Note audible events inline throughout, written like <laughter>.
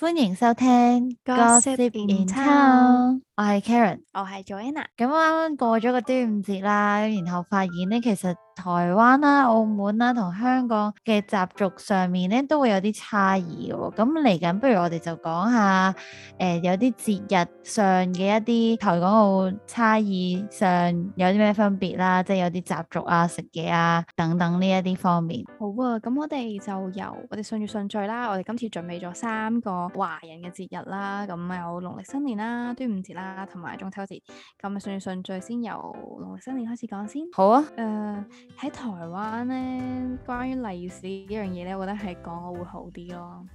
歡迎收聽《Gossip in Town》，Hello，我係 Karen，我係 Joanna。咁我啱啱過咗個端午節啦，然後發現呢其實。台灣啦、啊、澳門啦、啊、同香港嘅習俗上面咧，都會有啲差異喎、哦。咁嚟緊，不如我哋就講下誒、呃、有啲節日上嘅一啲台港澳差異上有啲咩分別啦，即係有啲習俗啊、食嘢啊等等呢一啲方面。好啊，咁我哋就由我哋順住順序啦。我哋今次準備咗三個華人嘅節日啦，咁有農曆新年啦、端午節啦同埋中秋節。咁順順序先由農曆新年開始講先。好啊，誒、呃。喺台灣咧，關於歷史呢樣嘢咧，我覺得係講我會好啲咯。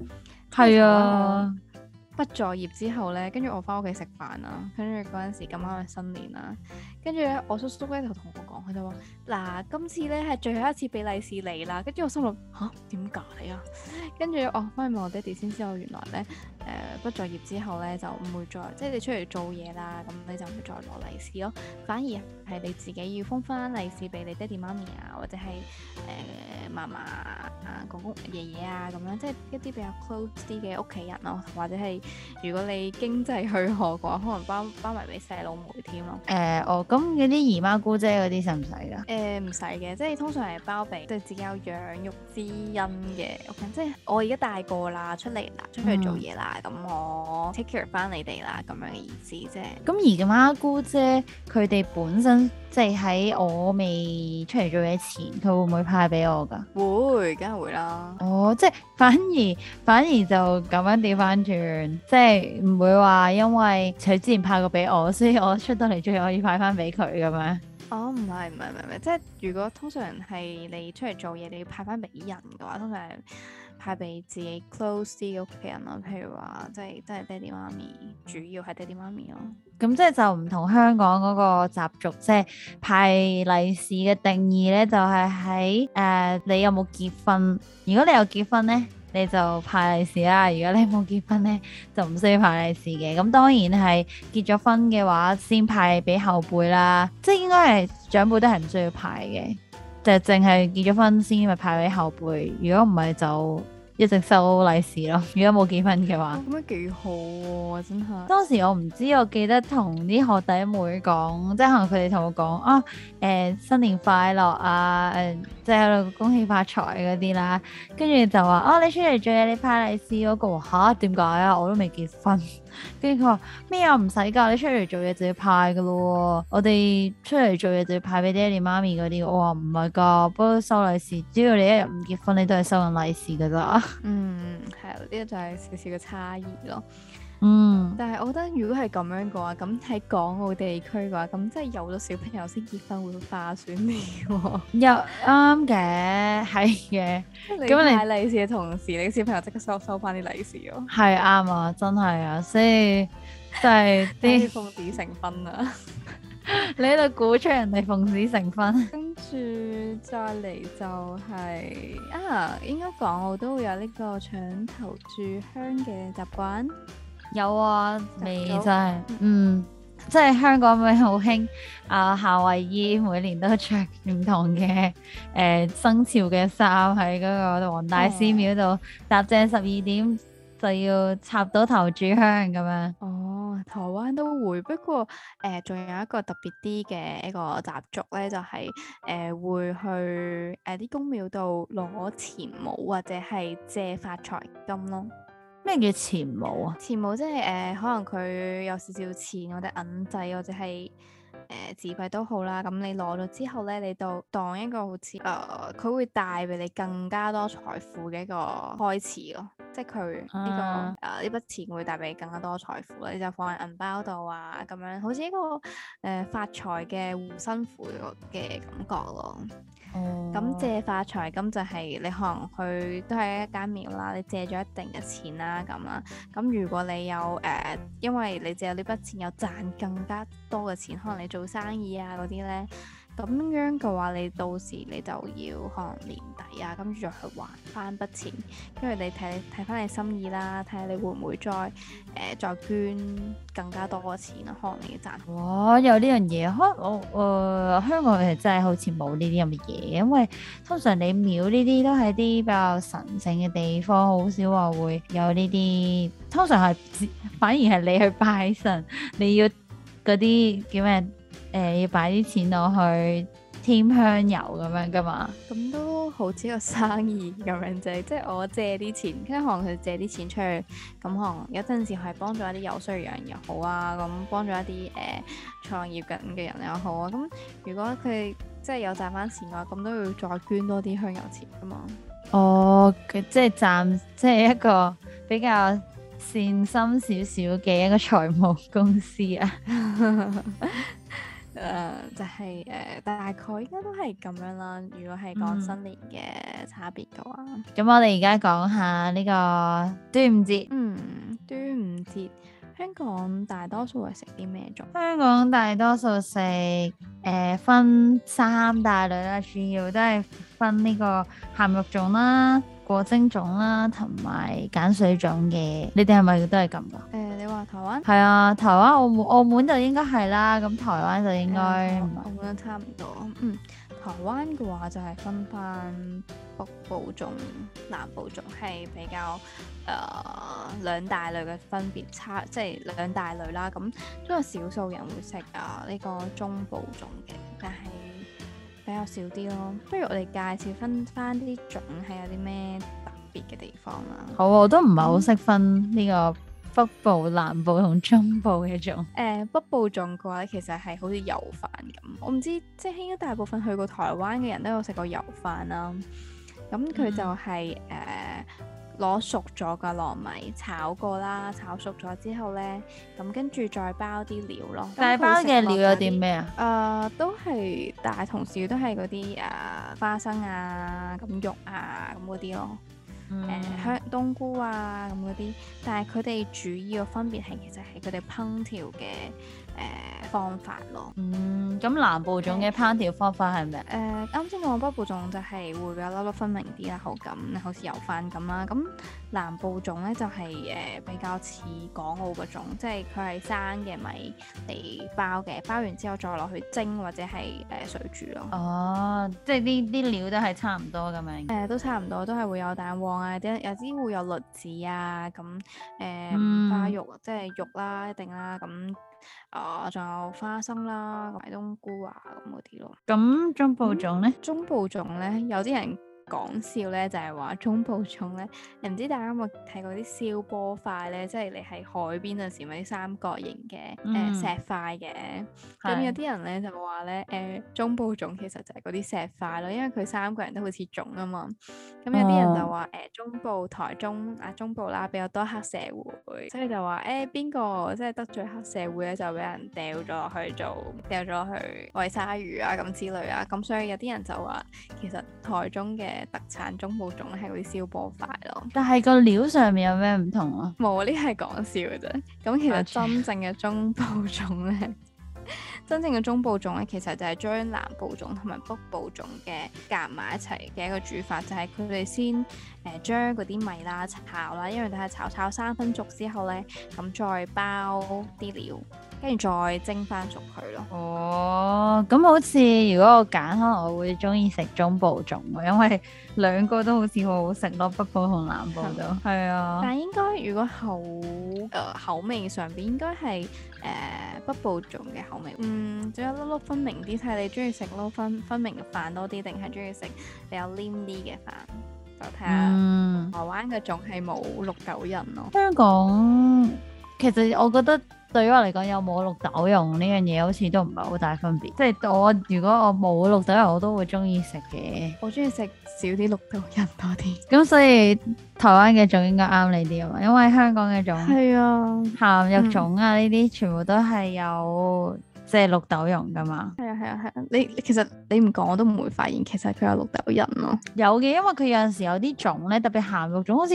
係啊。畢咗業之後咧，跟住我翻屋企食飯啦，跟住嗰陣時咁啱係新年啦，跟住咧我叔叔咧就同我講，佢就話：嗱，今次咧係最後一次俾利是你啦。跟住我心諗吓，點解啊？跟住哦，oh，媽咪、我爹哋先知道我原來咧誒畢咗業之後咧就唔會再即係你出嚟做嘢啦，咁你就唔會再攞利是咯，反而係你自己要封翻利是俾你爹哋媽咪啊，或者係誒嫲嫲啊、公公、爺爺啊咁樣，即係一啲比較 close 啲嘅屋企人咯、啊，或者係。如果你經濟許可嘅話，可能包包埋俾細佬妹添咯。誒、呃，哦，咁嗰啲姨媽姑姐嗰啲使唔使噶？誒、呃，唔使嘅，即係通常係包俾對自己有養育之恩嘅。即係我而家大個啦，出嚟啦，出去做嘢啦，咁、嗯、我 take care 翻你哋啦，咁樣嘅意思啫。咁、嗯、姨媽姑姐佢哋本身即係喺我未出嚟做嘢前，佢會唔會派俾我噶？會，梗係會啦。哦，即係反而反而就咁樣掉翻轉。即係唔會話，因為佢之前派過俾我，所以我出得嚟就可以派翻俾佢咁樣。哦、oh，唔係唔係唔係，即係如果通常係你出嚟做嘢，你要派翻俾人嘅話，通常係派俾自己 close 啲嘅屋企人咯。譬如話，即係即係爹哋媽咪，主要係爹哋媽咪咯。咁、嗯、即係就唔同香港嗰個習俗，即係派利是嘅定義咧，就係喺誒你有冇結婚？如果你有結婚咧？你就派利是啦，如果你冇結婚咧，就唔需要派利是嘅。咁當然係結咗婚嘅話，先派俾後輩啦。即係應該係長輩都係唔需要派嘅，就淨係結咗婚先咪派俾後輩。如果唔係就，一直收利是咯，如果冇結婚嘅話，咁、哦、樣幾好喎、啊，真係。當時我唔知，我記得同啲學弟妹講，即可能佢哋同我講，啊、欸，新年快樂啊，誒即係喺度恭喜發財嗰啲啦，跟住就話，哦、啊、你出嚟做嘢你派利是嗰、嗰個，嚇點解啊？我都未結婚。跟住佢話咩啊？唔使噶，你出嚟做嘢就要派噶咯。我哋出嚟做嘢就要派俾爹哋媽咪嗰啲。我話唔係噶，不過收利是，只要你一日唔結婚，你都係收緊利是噶咋。嗯，係，呢個就係少少嘅差異咯。嗯，但係我覺得如果係咁樣嘅話，咁喺港澳地區嘅話，咁即係有咗小朋友先結婚會划算你喎。又啱嘅，係嘅。咁你喺利是嘅同時，你小朋友即刻收收翻啲利是咯、哦。係啱啊，真係啊，所以都係啲奉子成婚啊。 <laughs> 你喺度鼓吹人哋奉子成婚。跟住再嚟就係、是、啊，應該港澳都會有呢個搶頭炷香嘅習慣。有啊、哦，未真係，嗯，即係香港咪好興啊，夏威夷，每年都着唔同嘅誒、呃、生肖嘅衫喺嗰個黃大仙廟度，搭正十二點就要插到頭柱香咁樣。哦，台灣都會，不過誒，仲、呃、有一個特別啲嘅一個習俗咧，就係、是、誒、呃、會去誒啲、呃、宮廟度攞錢母或者係借發財金咯。咩叫錢母啊？錢母即係誒，可能佢有少少錢，或者銀仔，或者係誒、呃、紙幣都好啦。咁你攞咗之後咧，你就當一個好似誒，佢、呃、會帶俾你更加多財富嘅一個開始咯、哦。即係佢呢個誒呢 Yeah.、啊、筆錢會帶俾你更加多財富啦，你就放喺銀包度啊，咁樣好似一個誒、呃、發財嘅護身符嘅感覺咯。咁、oh. 借發財金就係你可能去都係一間廟啦，你借咗一定嘅錢啦，咁啦，咁如果你有誒、呃，因為你借咗呢筆錢有賺更加多嘅錢，可能你做生意啊嗰啲咧。咁樣嘅話，你到時你就要可能年底啊，跟住就去還翻筆錢，因為你睇睇翻你心意啦，睇下你會唔會再誒、呃、再捐更加多嘅錢啦，可能你賺。哇！有呢樣嘢？香我誒香港係真係好似冇呢啲咁嘅嘢，因為通常你廟呢啲都係啲比較神聖嘅地方，好少話會有呢啲。通常係反而係你去拜神，你要嗰啲叫咩？誒、呃、要擺啲錢落去添香油咁樣噶嘛，咁都好似一個生意咁樣啫，即係我借啲錢，跟住可能佢借啲錢出去，咁可能有陣時係幫助一啲有需要嘅人又好啊，咁幫助一啲誒、呃、創業緊嘅人又好啊。咁如果佢即係有賺翻錢嘅話，咁都要再捐多啲香油錢噶嘛。哦，佢即係賺，即係一個比較善心少少嘅一個財務公司啊。 <laughs> 誒、uh, 就係、是、誒，uh, 大概應該都係咁樣啦。如果係講新年嘅差別嘅話，咁我哋而家講下呢個端午節。嗯，端午節。嗯。香港大多數係食啲咩粽？香港大多數食誒，分三大類啦，主要都係分呢個鹹肉粽啦、裹蒸粽啦，同埋鹼水粽嘅。你哋係咪都係咁噶？誒、呃，你話台灣？係啊，台灣澳門澳門就應該係啦，咁台灣就應該、呃、澳，澳門都差唔多，嗯。台灣嘅話就係分翻北部種、南部種，係比較誒、呃、兩大類嘅分別差，即係兩大類啦。咁都有少數人會食啊呢個中部種嘅，但係比較少啲咯。不如我哋介紹分翻啲種係有啲咩特別嘅地方啦。好、啊，我都唔係好識分呢個。嗯北部、南部同中部嘅一種、呃，北部粽嘅話，其實係好似油飯咁。我唔知，即係應該大部分去過台灣嘅人都有食過油飯啦、啊。咁佢就係誒攞熟咗嘅糯米炒過啦，炒熟咗之後呢，咁跟住再包啲料咯。大包嘅料有啲咩、呃、啊？誒，都係，大同小異都係嗰啲誒花生啊、咁肉啊、咁嗰啲咯。誒、嗯、香冬菇啊，咁嗰啲，但係佢哋主要嘅分別係其實係佢哋烹調嘅。誒、呃、方法咯，嗯，咁南部種嘅烹調方法係咩、呃？誒啱先講北部種就係、是、會、呃、比較粒粒分明啲啦，口感好似油飯咁啦。咁南部種咧就係誒比較似港澳嗰種，即係佢係生嘅米，嚟包嘅，包完之後再落去蒸或者係誒水煮咯。哦，即係呢啲料都係差唔多咁樣。誒、呃，都差唔多，都係會有蛋黃啊，有啲會有栗子啊，咁誒五花肉，即係肉啦一定啦咁。啊，仲、哦、有花生啦，同埋冬菇啊，咁嗰啲咯。咁、嗯、中部種咧？中部種咧，有啲人。講笑咧，就係話中部種咧，誒唔知大家有冇睇過啲消波塊咧？即係你喺海邊陣時咪啲三角形嘅誒、嗯呃、石塊嘅。咁是有啲人咧就話咧，誒、呃、中部種其實就係嗰啲石塊咯，因為佢三個人都好似種啊嘛。咁有啲人就話誒、嗯呃、中部台中啊中部啦比較多黑社會，所以就話誒邊個即係得罪黑社會咧，就俾人掉咗去做掉咗去喂鯊魚啊咁之類啊。咁所以有啲人就話其實台中嘅。特產中部粽咧係嗰啲燒波塊咯，但係個料上面有咩唔同啊？冇，呢係講笑嘅啫。咁其實真正嘅中部粽咧， <laughs> 真正嘅中部粽咧，其實就係將南部粽同埋北部粽嘅夾埋一齊嘅一個煮法，就係佢哋先誒將嗰啲米啦炒啦，因為佢係炒炒，三分熟之後咧，咁再包啲料。跟住再蒸翻熟佢咯。哦，咁好似如果我揀，可能我會中意食中部粽咯，因為兩個都好似好好食咯，北部同南部都。係咩？係啊。但係應該如果口誒、呃、口味上邊應該係誒北部粽嘅口味。嗯，仲有粒粒分明啲，睇你中意食粒粒分明嘅飯多啲，定係中意食比較黏啲嘅飯？就睇下。嗯。台灣嘅粽係冇六九人咯。香港其實我覺得。對於我嚟講，有冇綠豆蓉呢樣嘢，好似都唔係好大分別。即係我如果我冇綠豆蓉，我都會中意食嘅。我中意食少啲綠豆仁多啲。咁所以台灣嘅粽應該啱你啲啊嘛，因為香港嘅粽係啊鹹肉粽啊呢啲，嗯、全部都係有即係，就是，綠豆蓉㗎嘛。係啊係啊係啊！你其實你唔講我都唔會發現，其實佢有綠豆仁咯。有嘅，因為佢有陣時有啲粽咧，特別鹹肉粽好似。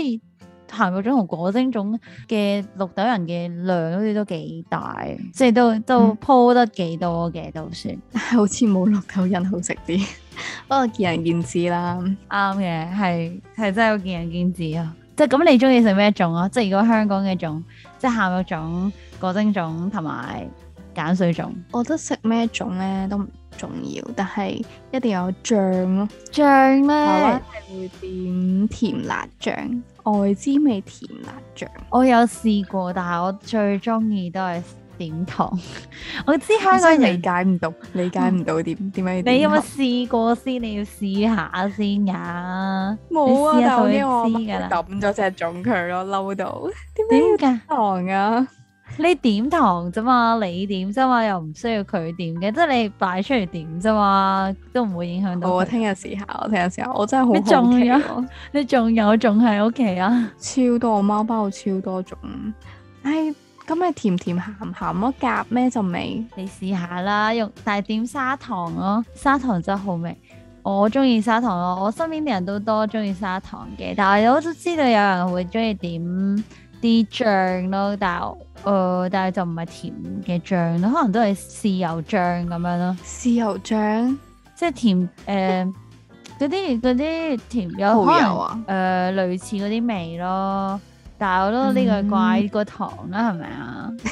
鹹肉粽同裹蒸粽嘅綠豆仁嘅量好似都幾大，嗯、即係都都鋪得幾多嘅，都算。但係 <laughs> 好似冇綠豆仁好食啲，不 <laughs> 過、哦、見仁見智啦。啱嘅，係係真係見仁見智啊。即係咁，你中意食咩粽啊？即係如果香港嘅粽，即係鹹肉粽、裹蒸粽同埋。鹼水粽，我覺得食咩粽咧都唔重要，但係一定要有醬咯，醬咧係會點甜辣醬，外滋味甜辣醬。我有試過，但係我最中意都係點糖。 <laughs> 我知香港人理解唔到，理解唔到點點解。你有冇試過先？你要試下先啊，冇啊，頭先我抌咗隻粽，佢咯，嬲到點解？糖啊！你點糖啫嘛，你點啫嘛，又唔需要佢點嘅，即係你擺出嚟點啫嘛，都唔會影響到。我聽日試下，我聽日試下，我真係好好奇。你仲有？你仲有？仲有喺屋企啊！超多貓包超多種，唉，咁咪甜甜鹹鹹乜夾咩就味，你試下啦，用大點砂糖咯、啊，砂糖真係好味，我中意砂糖咯、啊，我身邊啲人都多中意砂糖嘅，但係我都知道有人會中意點。啲醬咯，但誒、呃，但係就唔係甜嘅醬咯，可能都係豉油醬咁樣咯。豉油醬，即係甜誒嗰啲啲甜，有可能誒類似嗰啲味咯。但係我覺得呢個怪個糖啊嘛～、嗯吧 <laughs>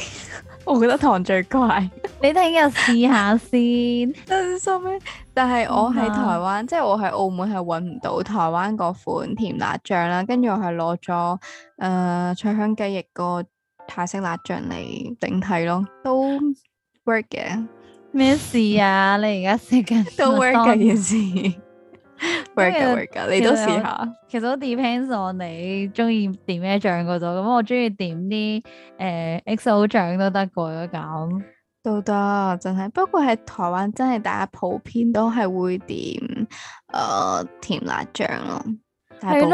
我覺得糖最乖， <laughs> 你聽日試下先，真心。但係我喺台灣， <laughs> 即係我喺澳門係揾唔到台灣嗰款甜辣醬啦，跟住我係攞咗誒脆香雞翼個泰式辣醬嚟頂替咯，都 work 嘅。咩事啊？你而家食緊都 work 嘅件事。burger，你都試下。其實，其實 depend on you，點我 depends on 你中意點咩、呃、醬嗰度。咁我中意點啲誒 xo 醬都得，過咗攪都得，真係。不過喺台灣真係大家普遍都係會點誒、呃、甜辣醬咯，大部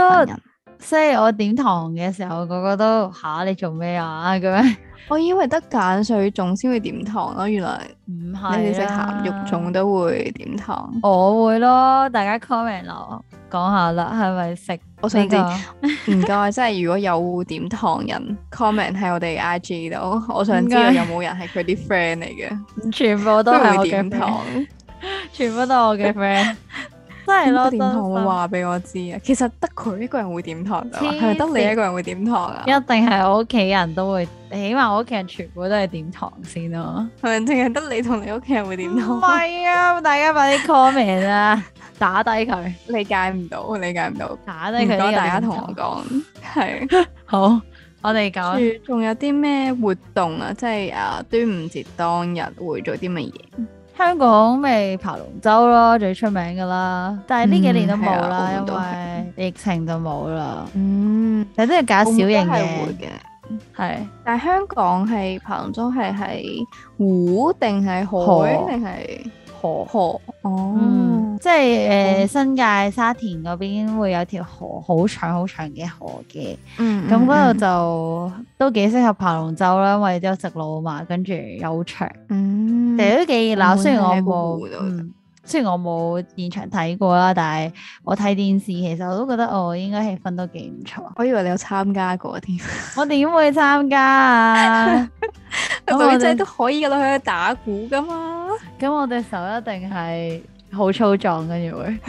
即係我點糖嘅時候，個個都嚇你做咩啊咁樣？ <laughs> 我以為得鹼水粽先會點糖咯，原來唔係你哋食鹹肉粽都會點糖？我會咯，大家 comment 咯講下啦，係咪食？我想知唔該，即係如果有點糖人 <laughs> comment 喺我哋 IG 度，我想知有冇人係佢啲 friend 嚟嘅？ <laughs> 全部都係 <laughs> 點糖， <laughs> 全部都係我嘅 friend。啊、真係咯，點糖會話俾我知啊？其實得佢一個人會點糖啊，係咪得你一個人會點糖啊？一定係我屋企人都會，起碼我屋企人全部都係點糖先咯，係咪淨係得你同你屋企人會點糖啊？唔係啊，大家快啲 c o l m e 啊 <laughs> 打低佢，理解唔到，理解唔到，打低佢。大家同我講，係是 <laughs> 好，我哋講仲有啲咩活動啊？即、就、係、是、啊，端午節當日會做啲乜嘢？香港咪爬龍舟咯，最出名噶啦，但係呢幾年都冇啦，嗯、因為疫情就冇啦。嗯，但係都要搞小型嘅，嘅，係。但係香港係爬龍舟係喺湖定係海定係河河哦。嗯即係誒、呃，新界沙田嗰邊會有條河，好長好長嘅河嘅。嗯。咁嗰度就都幾適合爬龍舟啦，因為都有直路啊嘛，跟住又長。嗯。其實都幾熱鬧，雖然我冇，嗯、雖然我冇現場睇過啦，但係我睇電視，其實我都覺得哦，應該氣氛都幾唔錯。我以為你有參加過添。 <laughs> 我點會參加啊？你本身都可以噶啦，去打鼓噶嘛。咁 <laughs> 我哋手一定係。好粗壯，跟住會，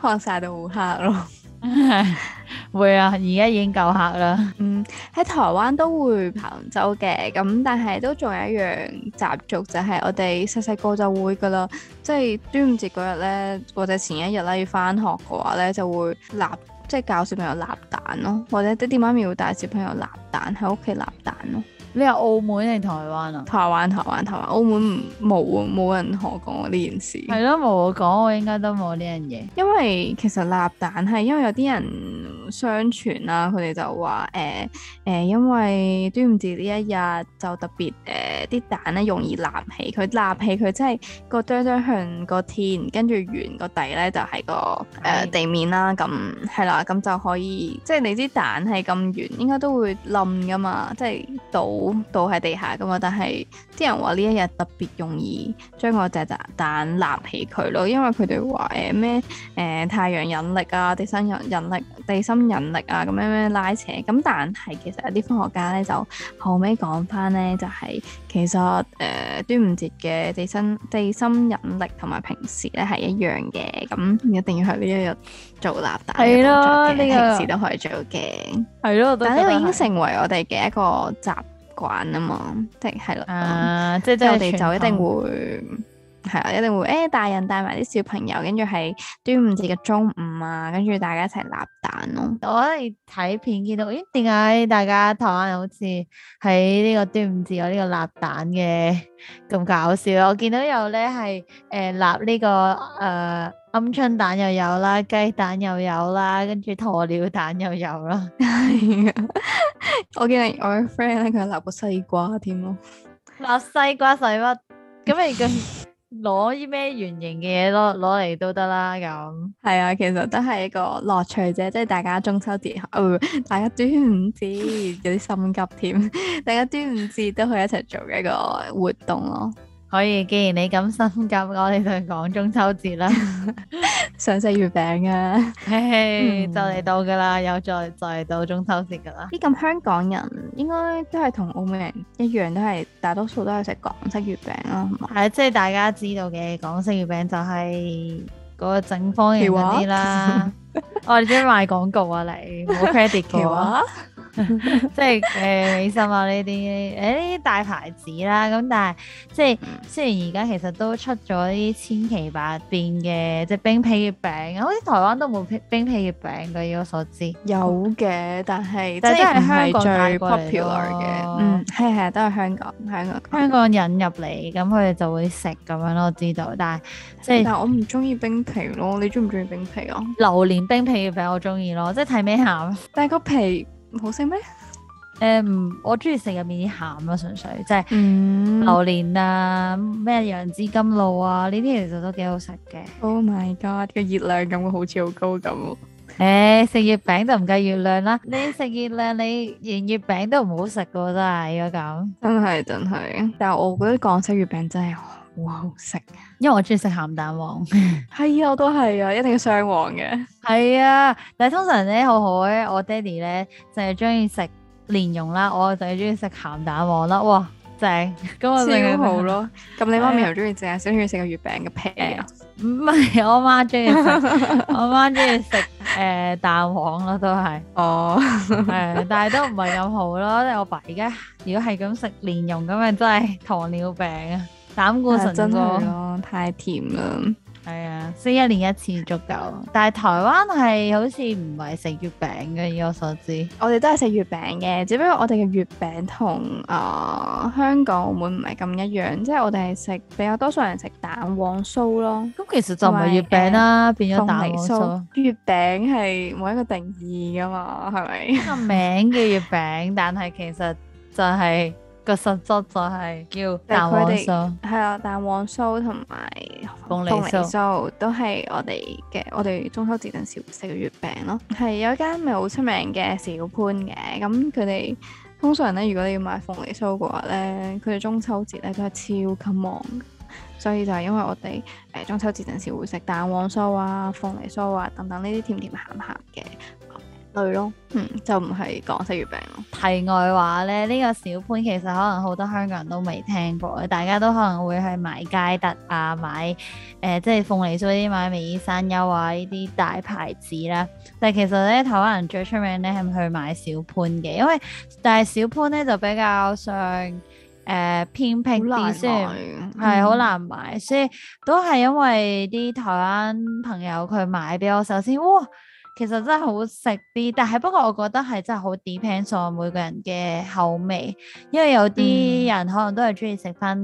學晒到好黑咯。係 <laughs> <laughs> <laughs> 會啊，而家已經夠黑啦。嗯，喺台灣都會扒龍舟嘅，咁但係都仲有一樣習俗，就係、是、我哋細細個就會噶啦，即、就、係、是、端午節嗰日咧，或者前一日啦，要返學嘅話咧，就會立。即係教小朋友立蛋咯，或者爹哋媽咪會帶小朋友立蛋，喺屋企立蛋咯。你係澳門定台灣啊？台灣，台灣，台灣，澳門冇啊，冇人同我講過呢件事。係咯，冇我講，我應該都冇呢樣嘢。因為其實立蛋係因為有啲人。相傳啦，佢哋就話誒誒，因為端午節呢一日就特別誒，啲、欸、蛋咧容易立起佢立起佢，即係個哚哚向個天，跟住圓、就是，個底咧就係個誒地面啦。咁係啦，咁就可以即係你知啲蛋係咁圓，應該都會冧噶嘛，即係倒倒喺地下噶嘛。但係啲人話呢一日特別容易將個隻隻蛋立起佢咯，因為佢哋話誒咩誒太陽引力啊，地心引引力地心。地引力啊，咁樣樣拉扯，咁但係其實有啲科學家咧就後尾講翻咧，就係其實誒、呃、端午節嘅地心地心引力同埋平時咧係一樣嘅，咁一定要喺呢一日做立大嘅工作嘅，平、這個、時都可以做嘅，係咯。但係呢個已經成為我哋嘅一個習慣啊嘛，即係係咯，即係即係我哋就一定會。係啊，一定會誒、欸、大人帶埋啲小朋友，跟住係端午節嘅中午啊，跟住大家一齊立蛋咯、哦。我嚟睇片見到，咦，點解大家台灣好似喺呢個端午節有呢、呃呢個立、呃、蛋嘅咁搞笑啊？我見到有咧係誒立呢個誒鵪鶉蛋又有啦，雞蛋又有啦，跟住鴕鳥蛋又有啦。 <laughs> <laughs> 我見我個 friend 佢係立個西瓜添咯，立 <laughs> 西瓜使乜？咁啊而攞啲咩圓形嘅嘢咯，攞嚟都得啦，咁係啊，其實都係一個樂趣啫，即係大家中秋節，哦，大家端午節有啲心急添，大家端午節都可以一齊做一個活動咯。可以，既然你咁心急，我哋就講中秋節啦。 <laughs> <laughs> 想食月餅啊，嘿嘿，就嚟到噶啦，又再再到中秋節噶啦。啲咁香港人應該都係同澳門人一樣都，都係大多數都係食港式月餅啊。係即係大家知道嘅港式月餅就係嗰個整方形嗰啲啦。我哋中意賣廣告啊？你冇 credit 嘅話？ <laughs> <laughs> 即係誒美心啊，呢啲誒呢啲大牌子啦，咁但係即係雖然而家其實都出咗啲千奇百變嘅即係冰皮月餅啊，好似台灣都冇冰皮月餅，據我所知有嘅，但係但係唔係香港最 popular 嘅，popular 嗯，係係都係香港香港香港人引入嚟，咁佢哋就會食咁樣咯我知道，但係即係是但係我唔中意冰皮咯，你中唔中意冰皮啊？榴蓮冰皮月餅我中意咯，即係睇咩餡， <laughs> 但係個皮。好食咩？誒唔，我中意食入面啲鹹咯，純粹即係榴蓮啊，咩楊枝甘露啊，呢啲其實都幾好食嘅。Oh my god！個熱量感好似好高咁喎。誒，食月餅就唔計月亮啦。你食月亮，你連月餅都唔好食嘅喎，真係如果咁。真係真係。但我覺得港式月餅真係，好食，因為我中意食咸蛋黃。係 <laughs> 啊，我都係啊，一定要雙黃嘅。係啊，但係通常咧，好好我爹哋咧淨係中意食蓮蓉啦，我就係中意食咸蛋黃啦。哇，正咁我最好咯。咁、嗯、你媽咪又中意正，啊、嗯？中唔中意食個月餅嘅皮？啊、嗯？唔係，我媽中意我媽中意食誒蛋黃咯，都係哦。係、 <laughs> 嗯，但係都唔係咁好咯。即係我爸而家如果係咁食蓮蓉咁樣，真係糖尿病啊！膽固醇高、啊真係哦，太甜啦，係啊、哎，所以一年一次足夠。但係台灣係好似唔係食月餅嘅，以我所知，我哋都係食月餅嘅，只不過我哋嘅月餅同啊、呃、香港澳門唔係咁一樣，即、就、係、是、我哋係食比較多數人食蛋黃酥咯。咁為其實就唔係月餅啦，呃、變咗蛋黃酥。呃、酥月餅係冇一個定義噶嘛，係咪？個 <laughs> 名嘅月餅，但係其實就係、是。個實質就係叫蛋黃酥，係啊，蛋黃酥同埋鳳梨酥，梨酥都係我哋嘅，嗯、我哋中秋節陣時會食月餅咯。係有一間咪好出名嘅小潘嘅，咁佢哋通常咧，如果你要買鳳梨酥嘅話咧，佢哋中秋節咧都係超級忙，所以就係因為我哋誒、呃、中秋節陣時會食蛋黃酥啊、鳳梨酥啊等等呢啲甜甜的鹹鹹嘅。係咯，嗯，就唔係港式月餅咯。題外話咧，呢、這個小潘其實可能好多香港人都未聽過，大家都可能會去買佳德啊，買誒、呃，即係鳳梨酥啲，買微熱山丘啊呢啲大牌子啦。但係其實咧，台灣人最出名咧係去買小潘嘅，因為但係小潘咧就比較上誒、呃、偏僻啲，先係好難買，所以都係因為啲台灣朋友佢買俾我，首先哇！其實真係好食啲，但係不過我覺得係真係好 depends on 每個人嘅口味，因為有啲人可能都係中意食翻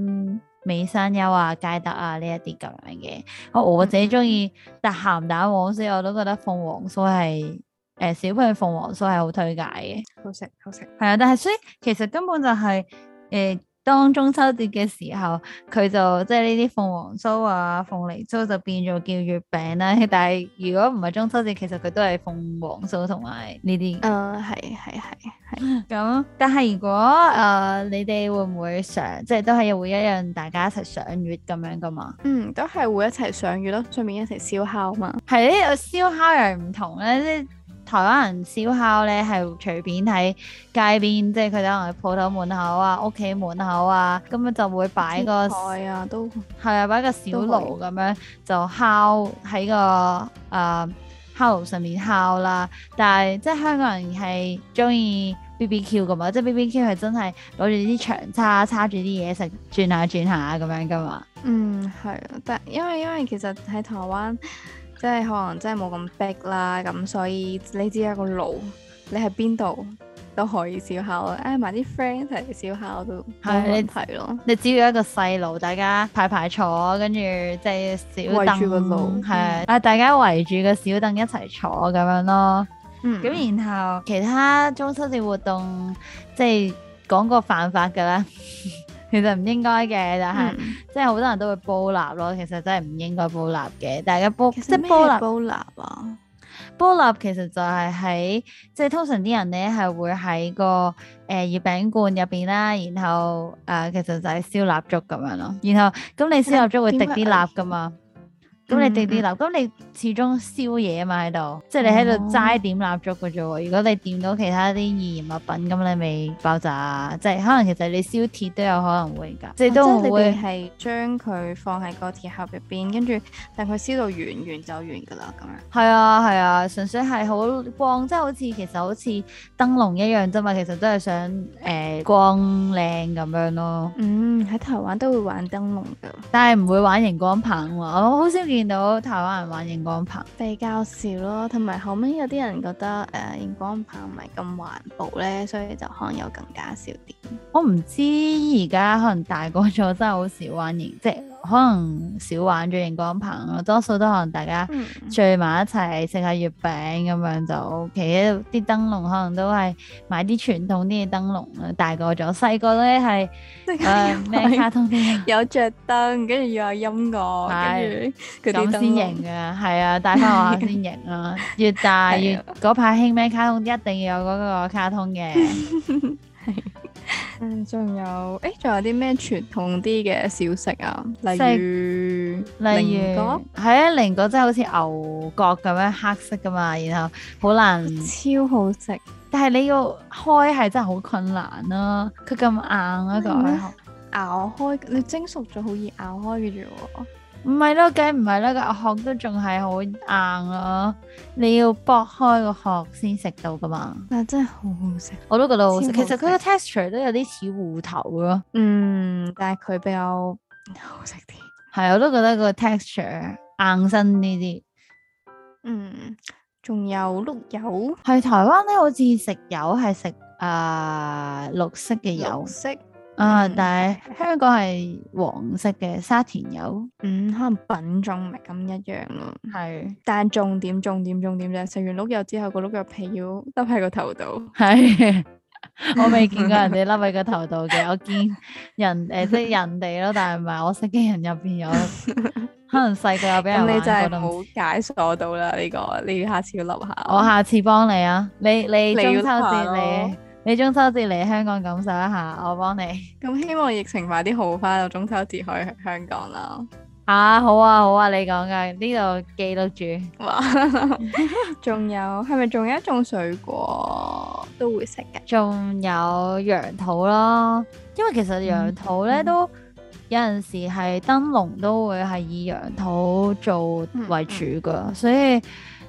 美山丘啊、佳德啊呢一啲咁樣嘅。我我自己中意，但係鹹蛋黃所以我都覺得鳳凰酥係誒、呃、小朋友鳳凰酥係好推介嘅，好食好食。係啊、嗯，但係所以其實根本就係、是、誒。呃當中秋節嘅時候，佢就即係呢啲鳳凰酥啊、鳳梨酥就變做叫月餅啦。但係如果唔係中秋節，其實佢都係鳳凰酥同埋呢啲。誒、呃，係係係係。咁、嗯，但係如果誒、呃，你哋會唔會想，即係都係會一樣，大家一齊賞月咁樣噶嘛？嗯，都係會一齊賞月咯順便一齊燒烤嘛。係呢個燒烤又係唔同咧。即係台灣人燒烤咧係隨便喺街邊，即係佢哋可能喺鋪頭門口啊、屋企門口啊，咁樣就會擺個台啊，都係啊，擺個小爐咁樣就烤喺個誒、呃、烤爐上面烤啦。但係即係香港人係中意 BBQ 噶嘛，即係 BBQ 係真係攞住啲長叉叉住啲嘢食轉下轉下咁樣噶嘛。嗯，係啊，但因為因為，因為其實喺台灣。即係可能真係冇咁逼啦，咁所以你只有一個爐，你喺邊度都可以燒烤啊！誒，埋啲 friend 一齊燒烤都係咯，你只要一個細爐，大家排排坐，跟住即係小凳，係啊，是嗯、大家圍住個小凳一齊坐咁樣咯。嗯，咁然後其他中秋節活動即係講過犯法㗎喇。其實唔應該嘅，但係、嗯、即係好多人都會煲蠟咯。其實真係唔應該煲蠟嘅。大家煲即係咩係煲蠟啊？煲蠟其實就係喺即係通常啲人咧係會喺個誒月餅罐入邊啦，然後誒、呃、其實就係燒蠟燭咁樣咯。然後咁你燒蠟燭會滴啲蠟㗎嘛？咁、嗯、你地地流，咁你始終燒嘢啊嘛喺度，即係你喺度齋點蠟燭嘅啫喎。如果你掂到其他啲易燃物品，咁、嗯、你咪爆炸。即係可能其實你燒鐵都有可能會噶，啊、即係都唔會係將佢放喺個鐵盒入邊，跟住等佢燒到圓圓就完噶啦。咁樣係啊係啊，純粹係好光，即係好似其實好似燈籠一樣啫嘛。其實都係想誒光靚咁樣咯。嗯，喺台灣都會玩燈籠嘅，但係唔會玩熒光棒喎。我好少見。見到台灣人玩螢光棒比較少咯，同埋後尾有啲人覺得誒、呃、螢光棒唔係咁環保咧，所以就可能有更加少啲。我唔知而家可能大個咗真係好少玩，即可能少玩咗螢光棒咯，多數都可能大家聚埋一齊食下月餅咁樣就 O K。啲燈籠可能都係買啲傳統啲嘅燈籠啦，大個咗，細個咧係誒咩卡通有着燈，跟住要有音樂，跟住咁先型嘅，係啊，帶翻學校先型啊。 <laughs> 越大越嗰排興咩卡通，一定要有嗰個卡通嘅。 <laughs> <laughs> 誒，仲、嗯、有誒、仲、欸、有啲咩傳統啲嘅小食啊？例如，例如，係啊哥，菱角真係好似牛角咁樣黑色噶嘛，然後好難，超好食，但係你要開係真係好困難啦，佢咁硬啊，同埋咬開，你蒸熟咗好易咬、呃、開嘅啫。唔係咯，梗唔係啦，個殼都仲係好硬咯，你要剝開個殼先食到噶嘛。但真係好好食，我都覺得好好食。其實佢個 texture 都有啲似芋頭咯。嗯，但係佢比較好食啲。係啊，我都覺得個 texture 硬身呢啲。嗯，仲有碌柚。喺台灣咧，好似食柚係食誒綠色嘅柚。啊！但係香港係黃色嘅沙田柚，嗯，可能品種咪咁一樣咯。係，但重點重點重點就係食完碌柚之後個碌柚皮要笠喺個頭度。係是的， <laughs> 我未見過人哋笠喺個頭度嘅。我見人誒，即、 <laughs> 欸、人哋咯，但係唔係我識嘅人入邊有， <laughs> 可能細個有俾人。你就係冇解鎖到啦呢、這個，你下次要笠下。我下次幫你啊，你你，你，你中秋節你。你你中秋節嚟香港感受一下，我幫你。咁希望疫情快啲好翻，我中秋節可以去香港啦。啊，好啊，好啊，你講嘅呢度記得住。哇，仲有係咪仲有一種水果都會食噶？仲有楊桃咯，因為其實楊桃咧都有陣時係燈籠都會係以楊桃做為主噶，嗯嗯、所以。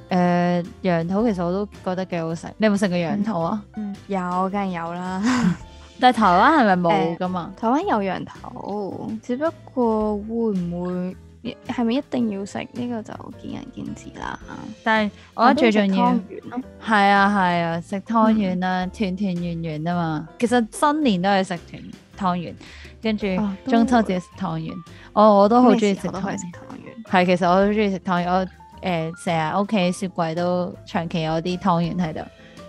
誒、uh, 羊肚其實我都覺得幾好食，你有冇食過羊肚啊、嗯嗯？有梗係有啦， <laughs> 但係台灣係咪冇噶嘛？Uh, 台灣有羊肚，只不過會唔會係咪一定要食呢、呢個就見仁見智啦。但係我覺得最重要係啊係啊，啊，食湯圓啊，嗯、團團圓圓啊嘛。其實新年都係食團，團湯圓，跟住中秋節食湯圓。哦，我都好中意食湯圓。我係 <laughs> 其實我都中意食湯圓。 <laughs> <laughs> <laughs> 誒成日屋企雪櫃都長期有啲湯圓喺度，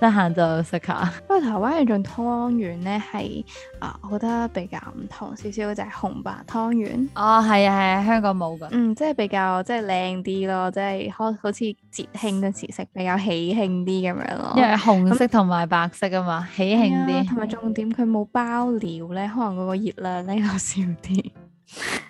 得閒就食下。不過台灣有種湯圓咧係啊，呃、我覺得比較唔同少少，就係紅白湯圓。哦，係啊，係啊，香港冇㗎。嗯，即係比較即係靚啲咯，即係好好似節慶嗰時食，比較喜慶啲咁樣咯。因為紅色同埋白色啊嘛，喜慶啲。同埋、嗯啊、重點佢冇包料咧，可能嗰個熱量呢又少啲。 <laughs>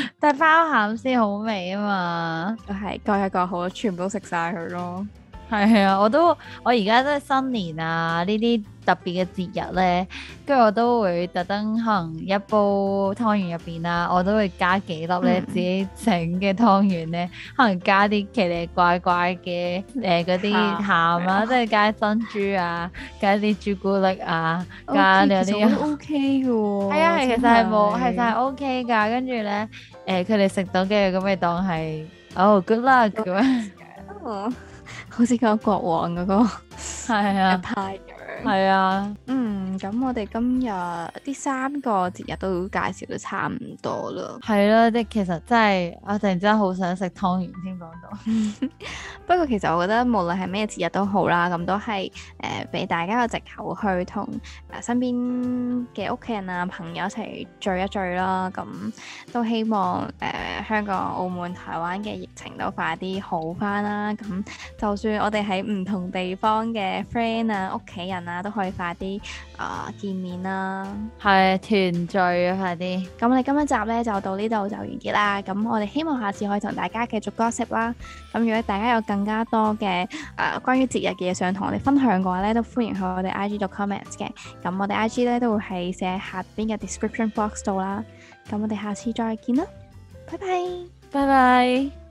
<laughs> 但係包餡先好味吖嘛，係，各有各好，全部都食晒佢咯，係 <laughs> 啊，我都我而家都係新年啊呢啲。特別嘅節日咧，跟住、嗯、我都會特登可能一煲湯圓入邊啦，我都會加幾粒咧自己整嘅湯圓咧，可能加啲奇奇怪怪嘅誒嗰啲餡啊，即係加珍珠啊，加啲朱古力啊，加兩啲嘢。O K 嘅喎。係啊，係其實係冇、哦哎，其實係 O K 噶。跟住咧誒，佢哋食到嘅咁嘅當係哦，Good luck 咁樣，嗯。好似講國王嗰個係啊。係啊，嗯，咁我哋今日呢三個節日都介紹得差唔多啦。係咯，即係其實真係我突然之間好想食湯圓先講到。 <laughs> 不過其實我覺得無論係咩節日都好啦，咁都係誒俾大家個藉口去同誒身邊嘅屋企人啊、朋友一齊聚一聚啦。咁都希望誒、呃、香港、澳門、台灣嘅疫情都快啲好翻啦。咁就算我哋喺唔同地方嘅 friend 啊、屋企人、啊。都可以快啲啊、呃、見面啦，係團聚啊快啲。咁我哋今一集呢，就到呢度就完結啦。咁我哋希望下次可以同大家繼續 gossip 啦。咁如果大家有更加多嘅誒、呃、關於節日嘅嘢想同我哋分享嘅話呢，都歡迎去我哋 I G 度 comment 嘅。咁我哋 I G 咧都會喺寫下邊嘅 description box 度啦。咁我哋下次再見啦，拜拜，拜拜。